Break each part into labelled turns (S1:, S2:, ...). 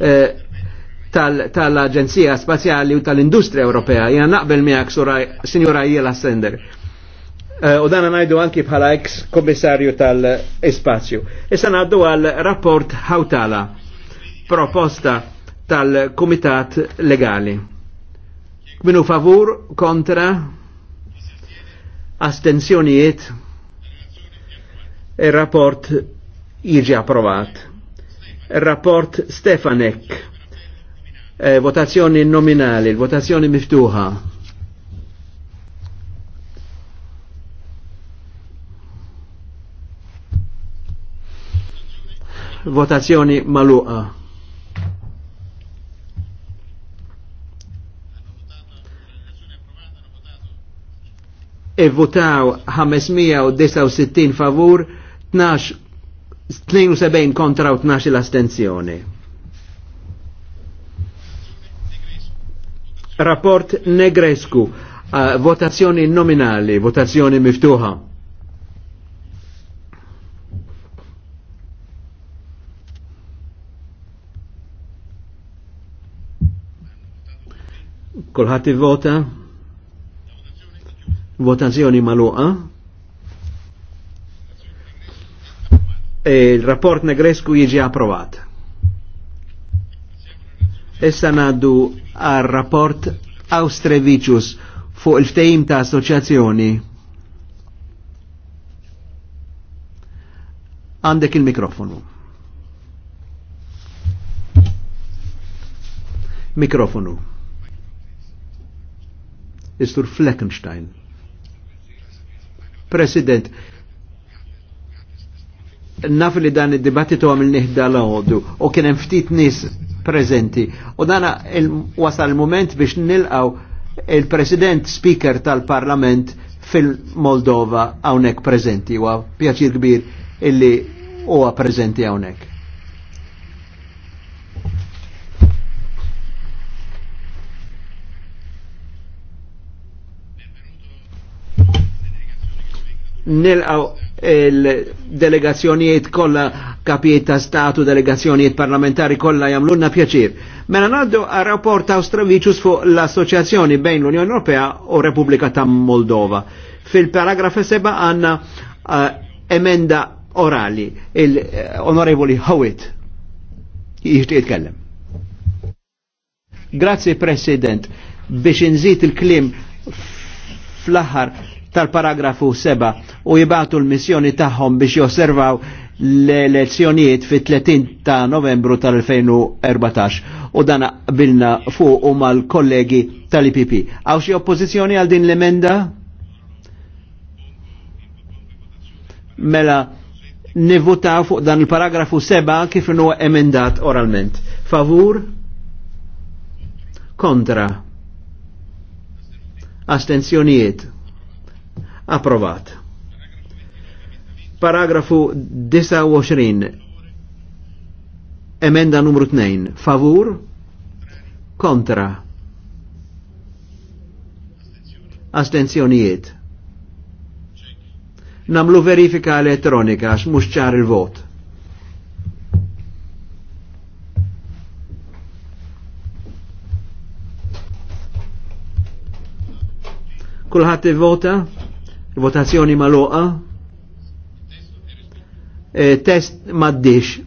S1: Eh, tal-Aġenzija Spazjali u tal-Industrija Ewropea. Jena naqbel miegħek, Sinjora Jela Sender. Eh, u dan najdu anki bħala ex komissarju tal-Ispazju. Issa naddu għal rapport Hautala, proposta tal-Kumitat Legali. Minu favur, kontra, astensjonijiet, il-rapport e jiġi approvat il rapport Stefanek. Eh, votazzjoni nominali, votazzjoni miftuħa. Votazzjoni maluqa. E votaw 569 favur, 12 72 kontra u 12 l-astenzjoni. Rapport Negrescu, votazzjoni nominali, votazzjoni miftuħa. Kolħati vota? Votazzjoni maluqa? E il-rapport negresku jiġi approvat. Issa naddu għal rapport Austrevicius fuq il-ftejim ta' assoċjazzjoni. Għandek il-mikrofonu. Mikrofonu. Istur Fleckenstein. President, naf li dan id-dibattitu għamil nihda l u kien hemm ftit nis prezenti u dana il wasal il-moment biex nilqaw il-President Speaker tal-Parlament fil-Moldova għawnek prezenti u pjaċir kbir illi huwa prezenti għawnek. nilqaw il-delegazzjonijiet kollha kapijiet ta' statu, delegazzjonijiet parlamentari kollha jamlunna pjaċir. Mela naddu għal rapport Austravicius fuq l-assoċjazzjoni bejn l-Unjoni Ewropea u Repubblika ta' Moldova. Fil-paragraf 7 għandna uh, emenda orali il-onorevoli eh, Howitt jishtiq jitkellem. Grazie President biex nżid il-klim fl-aħħar tal-paragrafu 7 u jibatu l-missjoni tagħhom biex josservaw l-elezzjonijiet fit 30 ta' novembru tal-2014 u dan bilna fuq u mal-kollegi tal-IPP. Għaw xie oppozizjoni għal din l-emenda? Mela, nivvotaw fuq dan il-paragrafu 7 kif huwa emendat oralment. Favur? Kontra? Astenzjonijiet? Approvat. Paragrafu 29. Emenda numru 2. Favur? Kontra? Astenzjonijiet? Namlu verifika elettronika għax mux ċar il-vot. Kulħat vota? Votazzjoni maluqa. E, test maddix.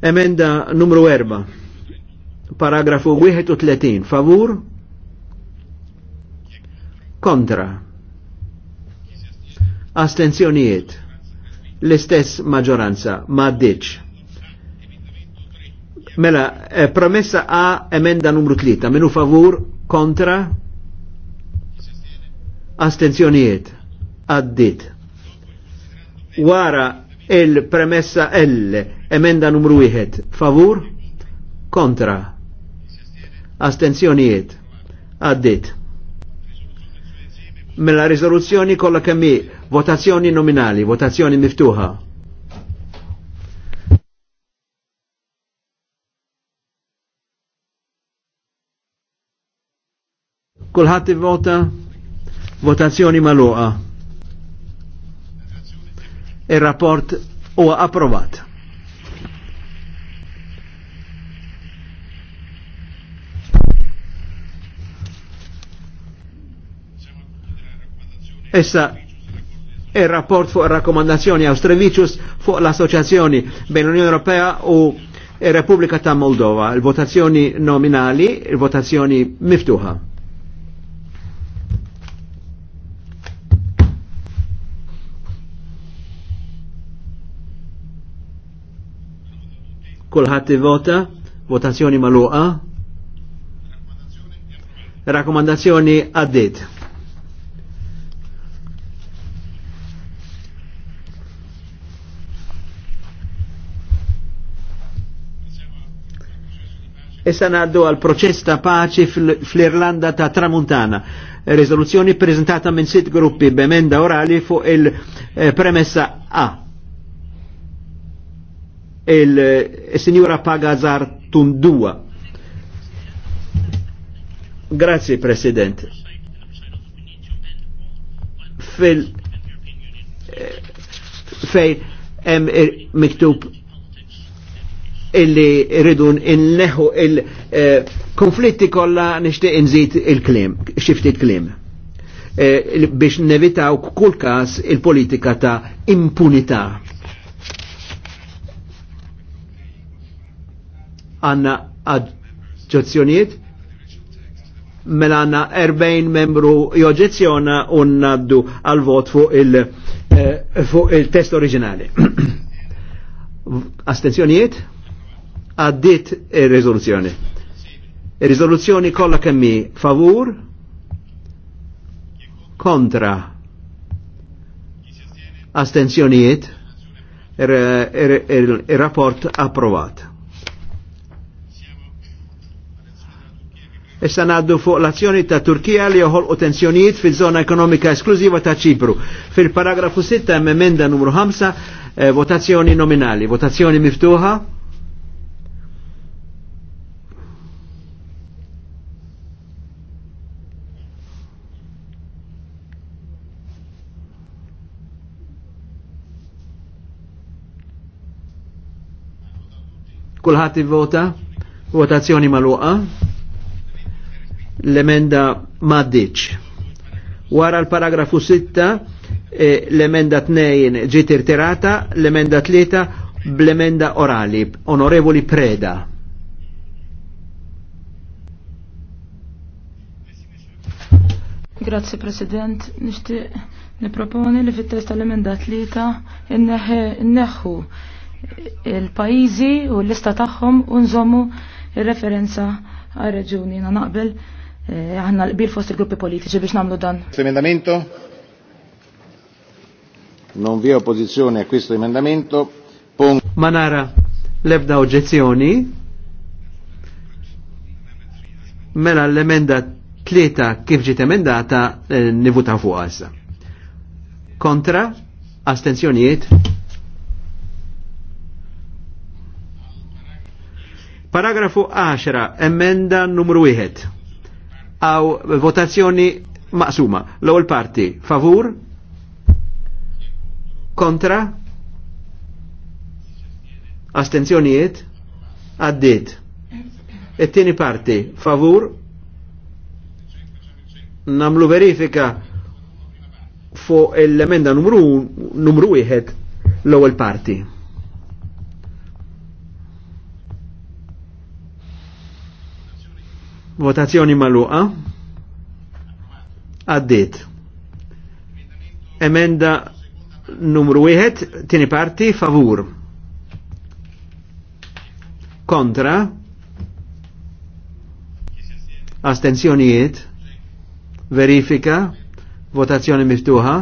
S1: Emenda numru 4. Paragrafu 31. Favur? Kontra. Astenzjonijiet. L-istess maġoranza. maddix Mela, e, promessa A, emenda numru 3. Minu favur? Kontra? astenzjonijiet għaddit. Wara il-premessa L, emenda numru 1, favur, kontra, astenzjonijiet għaddit. Mela risoluzzjoni kolla kemmi votazzjoni nominali, votazzjoni miftuħa. Kulħadd i vota Votazzjoni maluqa. Il-rapport huwa approvat. Issa il-rapport fuq il-rakkomandazzjoni Austrevicius fuq l-assoċjazzjoni bejn l-Unjoni Ewropea u il-Repubblika ta' Moldova. Il-votazzjoni nominali, il-votazzjoni miftuħa. Kulħadd vota votazzjoni maluqa Rakkomandazzjoni għaddit Issa naddu għal proċess ta' paċi fl-Irlanda ta' Tramuntana. Rezoluzzjoni prezentata minn sit gruppi b'emenda orali fuq il-premessa eh, A il eh, signora Pagazar Tundua. Grazie President. Fil eh, fej em eh, miktub illi rridu inneħu il-konflitti kolla nishti inżit il-klim, xiftit klim. biex nevitaw kull kas il-politika ta' impunita' għanna adġazzjoniet mela għanna 40 membru joġezzjona un naddu għal vot fuq il eh, fuq il-test oriġinali. Astenzjonijiet? Għaddit il-rezoluzzjoni. Il-rezoluzzjoni kolla kemmi favur, kontra, astenzjoniet il-rapport approvat. Issa naddu fuq l-azzjoni ta' Turkija li joħolqu tensjonijiet fil zona ekonomika esklużiva ta' Ċipru. Fil-paragrafu 6 emenda numru 5 eh, votazzjoni nominali, votazzjoni miftuħa. Kulħati vota votazzjoni maluqa l-emenda maddiċ. Wara l-paragrafu 6, eh, l-emenda 2 ġiet irtirata, l-emenda 3 bl-emenda orali, onorevoli preda. Grazie President, nishti niproponi li fit-test tal-emenda tlita inneħu il-pajizi u l-lista tagħhom u nżommu ir-referenza għal reġuni na naqbel għanna eh, l-bil fost il-gruppi politiċi biex namlu dan. Emendamento? Non vi oppożizzjoni a questo emendamento. Pon... Manara, lebda oġezzjoni. Mela l-emenda tlieta kif ġiet emendata eh, nivuta fuq għazza. Kontra, astenzjonijiet. Paragrafu 10, emenda numru 1 għaw votazzjoni maqsuma. L-ewwel parti favur, kontra, astenzjonijiet, għaddit. It-tieni parti favur, namlu verifika fuq l-emenda numru, numru 1 l-ewwel parti. Votazzjoni maluqa. Għaddit. Emenda numru 1, tieni parti, favur. Kontra. Astenzjonijiet. Verifika. Votazzjoni miftuħa.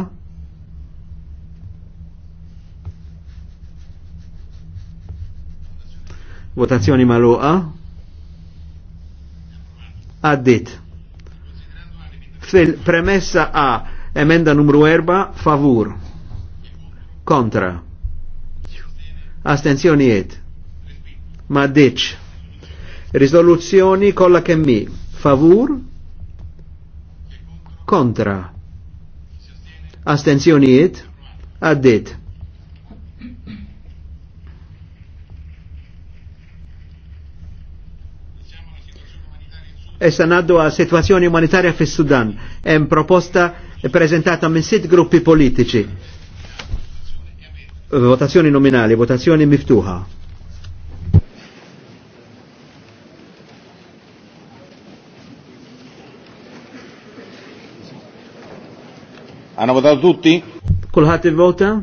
S1: Votazzjoni maluqa għaddit. Fil-premessa A, emenda numru 4, favur. Kontra. Astenzjonijiet. Ma ditx. Risoluzzjoni kolla kemmi. Favur. Kontra. Astenzjonijiet. Għaddit. Issa naddu għal situazzjoni umanitarja fis sudan Hemm proposta prezentata minn sitt gruppi politiċi. Votazzjoni nominali, votazzjoni miftuħa. Hanno votato tutti? Kulħat il-vota?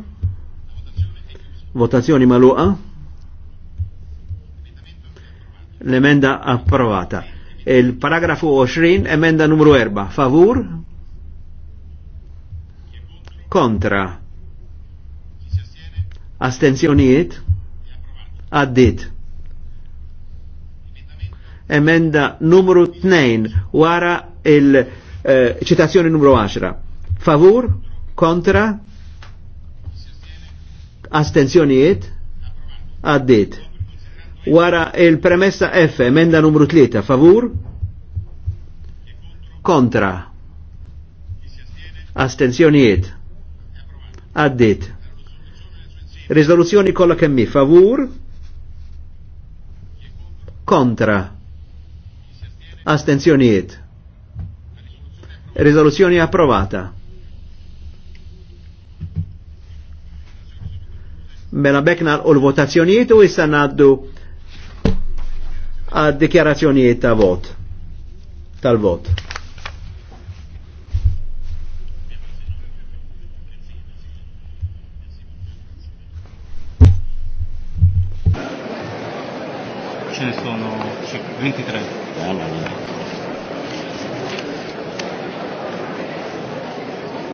S1: Votazzjoni maluqa? L-emenda approvata. Il-paragrafu 20, emenda numru 4, favur? Kontra? Astenzjoniet? Addit. Emenda numru 2, wara il-ċitazzjoni eh, numru 10. Favur? Kontra? Astenzjonijiet? Addit. Wara il-premessa F, emenda numru 3, favur? Kontra. Astenzjonijiet. Addit. Risoluzzjoni kollha kemmi favur? Kontra. Astenzjonijiet. Risoluzzjoni approvata. Mela bekna l-votazzjonijiet u issa naddu għad dikjarazzjonijiet ta' vot tal-vot.